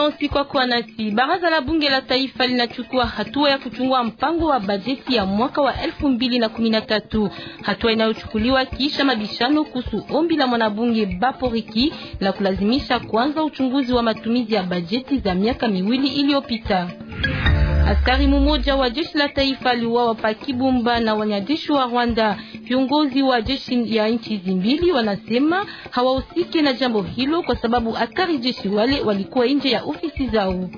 Constance kwa kuwa nasi. Baraza la bunge la taifa linachukua hatua ya kuchungua mpango wa bajeti ya mwaka wa 2013. Hatua inayochukuliwa kisha mabishano kuhusu ombi la mwanabunge Baporiki la kulazimisha kwanza uchunguzi wa matumizi ya bajeti za miaka miwili iliyopita. Askari mmoja wa jeshi la taifa aliuawa pa Kibumba na wanajeshi wa Rwanda. Viongozi wa jeshi ya nchi hizi mbili wanasema hawahusiki na jambo hilo kwa sababu askari jeshi wale walikuwa nje ya ofisi zao.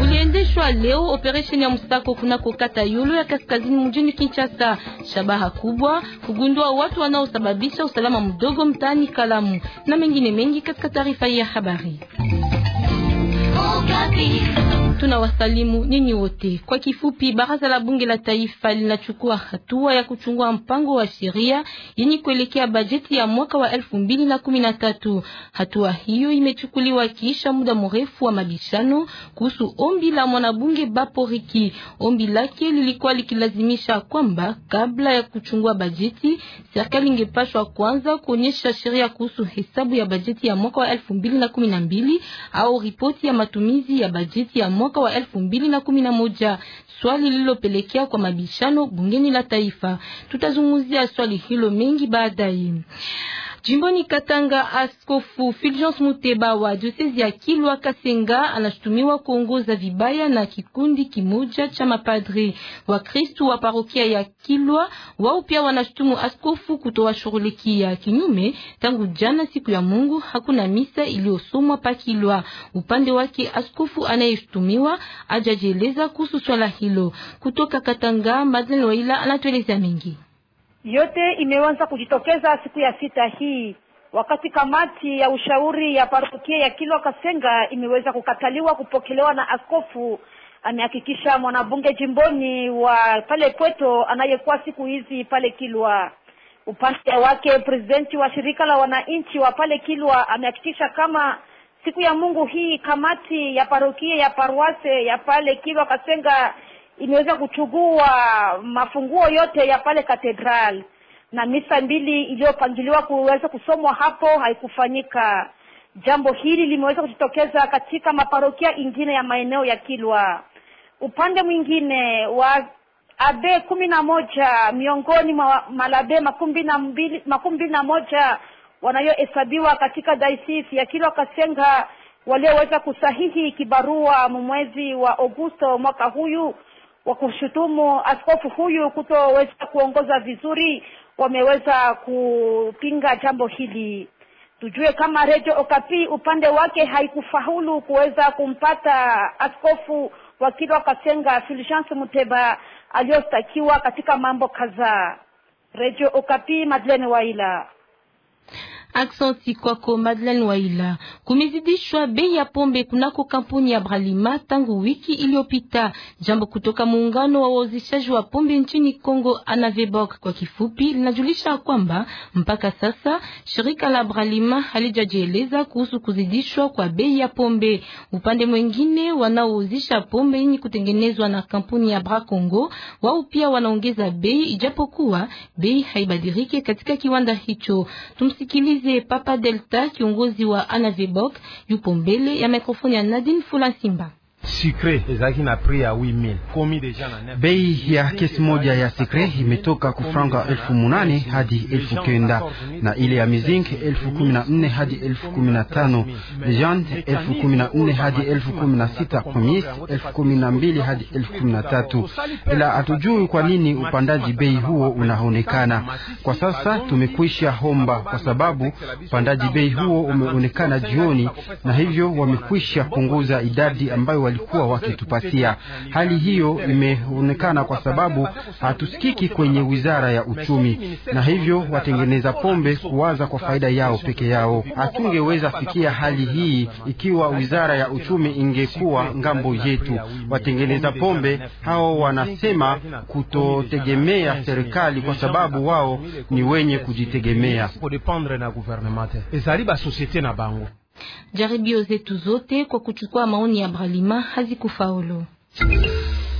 Kuliendeshwa leo operation ya msako kunako kata yulo ya kaskazini mjini Kinshasa. Shabaha kubwa kugundua watu wanaosababisha usalama mdogo mtaani Kalamu na mengine mengi katika taarifa ya habari. Oh, tunawasalimu nyinyi wote. Kwa kifupi, baraza la bunge la taifa linachukua hatua ya kuchungua mpango wa sheria yenye kuelekea bajeti ya mwaka wa elfu mbili na kumi na tatu. Hatua hiyo imechukuliwa kisha muda mrefu wa mabishano kuhusu ombi la mwanabunge Baporiki. Ombi lake lilikuwa likilazimisha kwamba kabla ya kuchungua bajeti, serikali ingepashwa kwanza kuonyesha sheria kuhusu hesabu ya bajeti ya mwaka wa elfu mbili na kumi na mbili au ripoti ya matumizi ya bajeti ya mwaka mwaka wa elfu mbili na kumi na moja, swali lililopelekea kwa mabishano bungeni la taifa. Tutazungumzia swali hilo mengi baadaye. Jimboni Katanga, Askofu Fulgence Muteba wa diosesi ya Kilwa Kasenga anashutumiwa kuongoza vibaya na kikundi kimoja cha mapadri wa Kristo wa parokia ya Kilwa. Wao pia wanashutumu askofu ya kinyume. Tangu jana siku ya Mungu hakuna misa iliyosomwa pa Kilwa. Upande wake askofu anayeshutumiwa ajajieleza kuhusu swala hilo. Kutoka Katanga, Madeleine Waila anatueleza mengi. Yote imeanza kujitokeza siku ya sita hii wakati kamati ya ushauri ya parokia ya Kilwa Kasenga imeweza kukataliwa kupokelewa na askofu. Amehakikisha mwanabunge jimboni wa pale Kweto anayekuwa siku hizi pale Kilwa. Upande wake presidenti wa shirika la wananchi wa pale Kilwa amehakikisha kama siku ya Mungu hii kamati ya parokia ya paruase ya pale Kilwa Kasenga imeweza kuchugua mafunguo yote ya pale katedral na misa mbili iliyopangiliwa kuweza kusomwa hapo haikufanyika. Jambo hili limeweza kujitokeza katika maparokia ingine ya maeneo ya Kilwa. Upande mwingine wa abe kumi na moja miongoni mwa malabe makumi mbili na moja wanayohesabiwa katika daisisi ya Kilwa Kasenga walioweza kusahihi kibarua mwezi wa Augusto mwaka huyu wa kushutumu askofu huyu kutoweza kuongoza vizuri wameweza kupinga jambo hili. Tujue kama redio Okapi upande wake haikufaulu kuweza kumpata askofu Wakilwa Kasenga Fulgence Muteba aliyostakiwa katika mambo kadhaa. redio Okapi, madlene Waila. Aksanti kwako Madeleine Waila. Kumezidishwa bei ya pombe kunako kampuni ya Bralima tangu wiki iliyopita, jambo kutoka muungano wa wauzishaji wa pombe nchini Kongo, Anavebok kwa kifupi, linajulisha kwamba mpaka sasa shirika la Bralima halijajieleza kuhusu kuzidishwa kwa bei ya pombe. Upande mwingine, wanaouzisha pombe yenye kutengenezwa na kampuni ya Bra Congo wao pia wanaongeza bei, ijapokuwa bei haibadiliki katika kiwanda hicho. Tumsikilize Moize Papa Delta, kiongozi wa Anavebok, yupo mbele ya mikrofoni ya Nadine Fulansimba sikre bei ya kesi moja ya sikre imetoka kufranga elfu munane hadi elfu kenda na ile ya mizing elfu kumi na nne hadi elfu kumi na tano lejan elfu kumi na nne hadi elfu kumi na sita komis elfu kumi na mbili hadi elfu kumi na tatu ila hatujui kwa nini upandaji bei huo unaonekana kwa sasa. Tumekwisha homba kwa sababu upandaji bei huo umeonekana jioni, na hivyo wamekwisha punguza idadi ambayo walikuwa walikuwa wakitupatia. Hali hiyo imeonekana kwa sababu hatusikiki kwenye wizara ya uchumi, na hivyo watengeneza pombe kuwaza kwa faida yao peke yao. Hatungeweza fikia hali hii ikiwa wizara ya uchumi ingekuwa ngambo yetu. Watengeneza pombe hao wanasema kutotegemea serikali kwa sababu wao ni wenye kujitegemea. Jaribio zetu zote kwa kuchukua maoni ya Bralima hazikufaulu.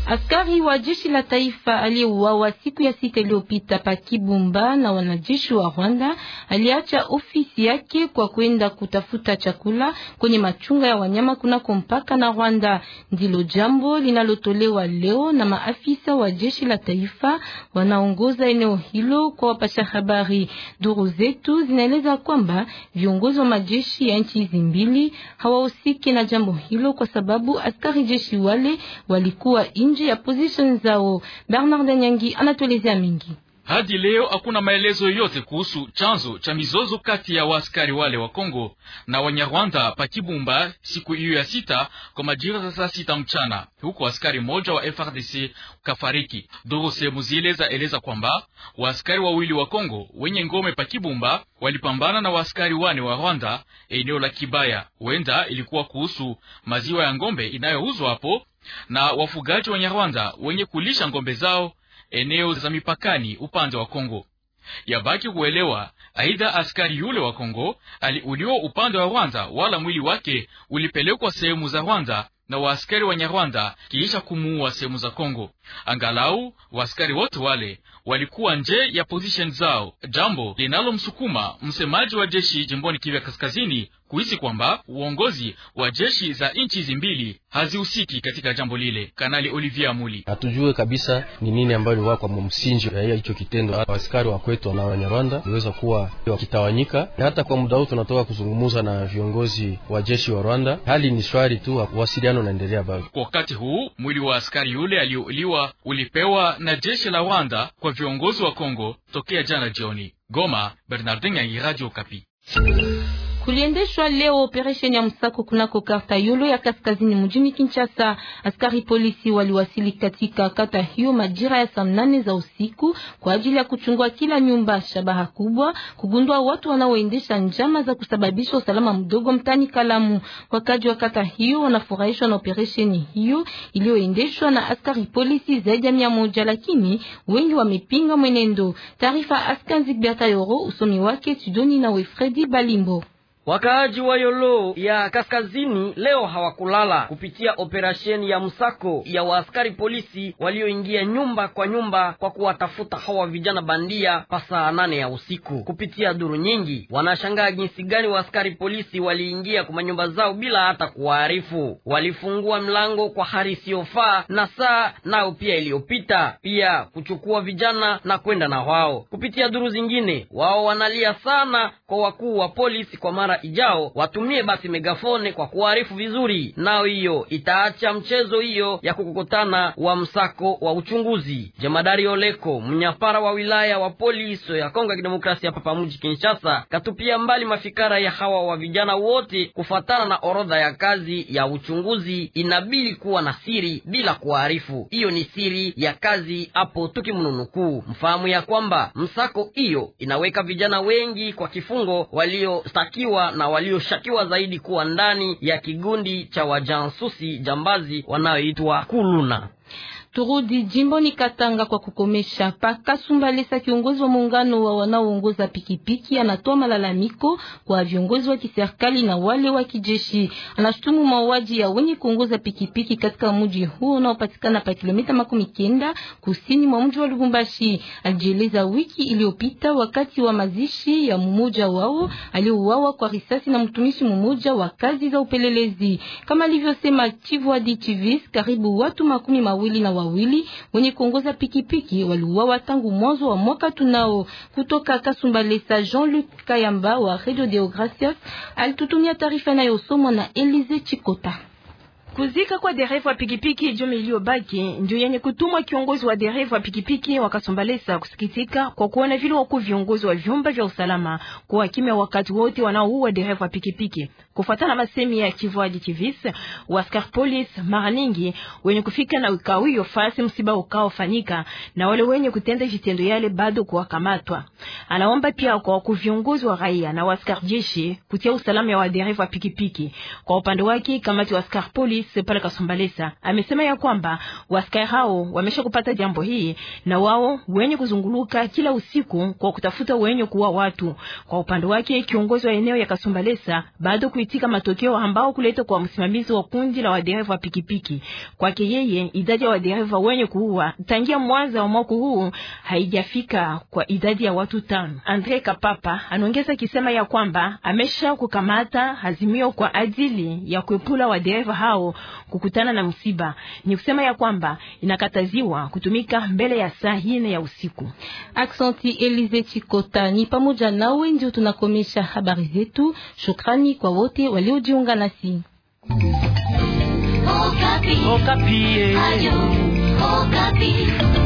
Askari wa jeshi la taifa aliyeuawa siku ya sita iliyopita pa Kibumba na wanajeshi wa Rwanda aliacha ofisi yake kwa kwenda kutafuta chakula kwenye machunga ya wanyama kunako mpaka na Rwanda. Ndilo jambo linalotolewa leo na maafisa wa jeshi la taifa wanaongoza eneo hilo kwa wapasha habari. Duru zetu zinaeleza kwamba viongozi wa majeshi ya nchi hizi mbili hawahusiki na jambo hilo kwa sababu askari jeshi wale walikuwa inje nje ya position zao. Bernard Nyangi anatuelezea mingi. Hadi leo hakuna maelezo yote kuhusu chanzo cha mizozo kati ya waaskari wale wa Kongo na Wanyarwanda pa Kibumba siku hiyo ya sita kwa majira za saa sita mchana, huko askari mmoja wa FRDC kafariki. Duru sehemu zile eleza kwamba waaskari wawili wa Kongo wenye ngome pa Kibumba walipambana na waaskari wane wa Rwanda eneo la Kibaya. Huenda ilikuwa kuhusu maziwa ya ngombe inayouzwa hapo na wafugaji wa Nyarwanda wenye kulisha ngombe zao eneo za mipakani upande wa Kongo. Yabaki kuelewa aidha, askari yule wa Kongo aliuliwa upande wa Rwanda, wala mwili wake ulipelekwa sehemu za Rwanda na waaskari wa Nyarwanda kiisha kumuua sehemu za Kongo. Angalau waskari wote wale walikuwa nje ya position zao, jambo linalomsukuma msemaji wa jeshi jimboni Kivu ya Kaskazini kuhisi kwamba uongozi wa jeshi za nchi hizi mbili hazihusiki katika jambo lile. Kanali Olivier Amuli: hatujue kabisa ni nini ambayo iliwaa kwa msingi ya hicho kitendo. waskari wa kwetu na Wanyarwanda waliweza kuwa wakitawanyika, na hata kwa muda huu tunatoka kuzungumuza na viongozi wa jeshi wa Rwanda. Hali ni shwari tu, wasiliano unaendelea bado. Kwa wakati huu mwili wa askari yule aliyeuliwa kuwa ulipewa na jeshi la Rwanda kwa viongozi wa Kongo tokea jana jioni. Goma, Bernardin Yangi, Radio Okapi. Kuliendeshwa leo operesheni ya msako kunako karta yulo ya kaskazini mjini Kinshasa. Askari polisi waliwasili katika kata hiyo majira ya saa nane za usiku kwa ajili ya kuchungua kila nyumba. Shabaha kubwa kugundua watu wanaoendesha njama za kusababisha usalama mdogo mtani Kalamu. Wakaji wa kata hiyo wanafurahishwa na operesheni hiyo iliyoendeshwa na askari polisi zaidi ya mia moja, lakini wengi wamepinga mwenendo. Taarifa Askanzik Bertayoro, usomi wake Sidoni na Wefredi Balimbo. Wakaaji wa Yolo ya kaskazini leo hawakulala kupitia operasheni ya msako ya waaskari polisi walioingia nyumba kwa nyumba kwa kuwatafuta hawa vijana bandia pa saa nane ya usiku. Kupitia duru nyingi, wanashangaa jinsi gani waaskari polisi waliingia kwa manyumba zao bila hata kuwaarifu. Walifungua mlango kwa hari isiyofaa na saa nao pia iliyopita, pia kuchukua vijana na kwenda na wao. Kupitia duru zingine, wao wanalia sana kwa wakuu wa polisi kwa mara ijao watumie basi megafone kwa kuarifu vizuri, nao hiyo itaacha mchezo hiyo ya kukokotana wa msako wa uchunguzi. Jemadari Oleko, mnyapara wa wilaya wa polisi ya Kongo ya Kidemokrasia hapa pamuji Kinshasa, katupia mbali mafikara ya hawa wa vijana wote kufatana na orodha ya kazi ya uchunguzi inabidi kuwa na siri bila kuarifu. Hiyo ni siri ya kazi hapo, tukimnunukuu mfahamu ya kwamba msako hiyo inaweka vijana wengi kwa kifungo waliostakiwa wanaoshukiwa na walioshukiwa zaidi kuwa ndani ya kigundi cha wajansusi jambazi wanaoitwa Kuluna. Turudi jimboni Katanga kwa kukomesha Pakasumbalesa, kiongozi wa muungano wa wanaoongoza pikipiki, anatoa malalamiko kwa viongozi wa kiserikali na wale wa kijeshi. Anashutumu mauaji ya wenye kuongoza pikipiki katika mji huo unaopatikana pa kilomita makumi kenda kusini mwa mji wa Lubumbashi. Alijieleza wiki iliyopita wakati wa mazishi ya mmoja wao aliyouawa kwa risasi na mtumishi mmoja wa kazi za upelelezi, kama alivyosema Chivuadi Chivis, karibu watu makumi mawili na wawili wenye kuongoza pikipiki waliuawa tangu mwanzo wa mwaka tunao. Kutoka Kasumbalesa, Jean-Luc Kayamba wa Radio Deogracias alitutumia taarifa inayosomwa na Elize Chikota. Kuzika kwa dereva wa pikipiki juma iliyobaki ndio yenye kutumwa kiongozi wa dereva wa pikipiki wakasombalesa kusikitika kwa kuona vile wakuu viongozi wa vyumba vya usalama kuwa kimya wakati wote wanaoua dereva wa pikipiki. Kufuatana na masemi ya Kivuaji Kivisi wa askari polisi, mara nyingi wenye kufika na ukawio fasi msiba ukaofanyika na wale wenye kutenda vitendo yale bado kuwakamatwa. Anaomba pia kwa wakuu viongozi wa raia na askari jeshi kutia usalama wa dereva wa pikipiki. Kwa upande wake kamati wa askar polisi rais pale Kasumbalesa amesema ya kwamba waskai hao wamesha kupata jambo hii na wao wenye kuzunguluka kila usiku kwa kutafuta wenye kuwa watu. Kwa upande wake, kiongozi wa eneo ya Kasumbalesa bado kuitika matokeo ambao kuleta kwa msimamizi wa kundi la wadereva wa pikipiki. Kwake yeye, idadi ya wadereva wenye kuua tangia mwanza wa mwaka huu haijafika kwa idadi ya watu tano. Andre Kapapa anaongeza akisema ya kwamba amesha kukamata hazimio kwa ajili ya kuepula wadereva hao kukutana na msiba. Ni kusema ya kwamba inakataziwa kutumika mbele ya saa ine ya usiku. Aksanti Elize Chikota, ni pamoja nawe ndio tunakomesha habari zetu. Shukrani kwa wote waliojiunga nasi Okapi. Okapi. Ayo, Okapi.